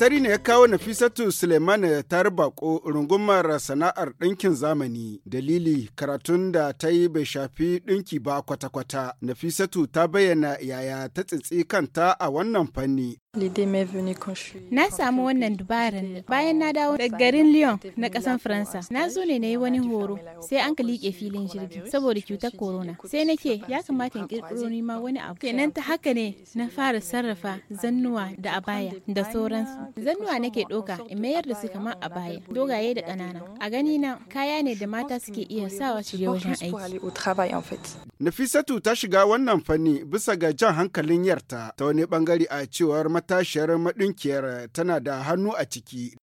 tattari ne ya kawo Nafisatu Suleiman tar bako rungumar sana'ar ɗinkin zamani. Dalili karatun da ta yi bai shafi ɗinki ba kwata-kwata. Nafisatu ta bayyana yaya ta tsitsi kanta a wannan fanni. Na samu wannan dubarin bayan na dawo daga garin Lyon na kasan Faransa. Na zo ne na yi wani horo sai an ka liƙe filin jirgi saboda cutar corona. Sai nake ya kamata in ƙirƙiro ni ma wani abu. Kenan ta haka ne na fara sarrafa zannuwa da abaya da sauransu. Zannuwa nake ɗoka in mayar da su kamar abaya dogaye da ƙanana. A gani na kaya ne da mata suke iya sawa su je wajen aiki. Nafisatu ta shiga wannan fanni bisa ga jan hankalin yarta ta wani bangare a cewar matashiyar maɗinkiyar tana da hannu a ciki.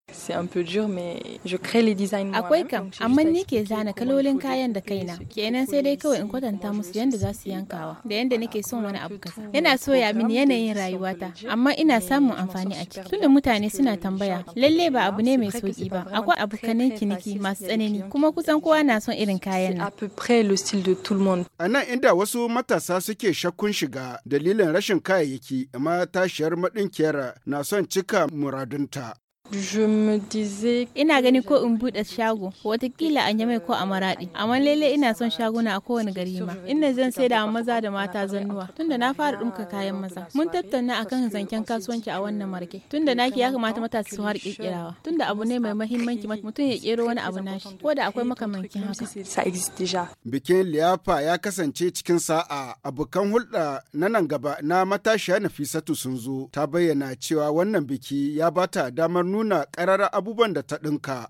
Akwai kam, amma ni ke zana kalolin kayan da kaina, kenan sai dai kawai in kwatanta musu yadda za su yankawa, da yadda nake son wani abu kasa. Yana soya mini yanayin rayuwata, amma ina samun amfani a ciki. Tunda mutane suna tambaya, lalle ba abu ne mai sauki ba, akwai kanin kiniki masu tsanani, kuma kusan kowa na son irin kayan nan. A nan inda wasu matasa suke shakkun shiga dalilin rashin kayayyaki, amma tashiyar maɗin mataimakiyar na son cika muradunta. Disais... Ina gani ko in buɗe shago, watakila a Yamai ko a Maraɗi, amma lele ina son shaguna a kowane gari ma. Ina zan sai da maza da mata zannuwa, tunda na fara ɗumka kayan maza. Mun tattauna akan zancen kasuwanci a wannan marke, tunda naki ya kamata matasa su har kirkirawa, tunda abu ne mai mahimmanci mutum ya kero wani abu nashi, ko da akwai makamankin haka. Bikin liyafa ya kasance cikin sa'a, abokan hulɗa na nan gaba na matashiya Nafisatu sun zo, ta bayyana cewa wannan biki ya bata damar nuna nuna ƙarar abubuwan da ta ɗinka.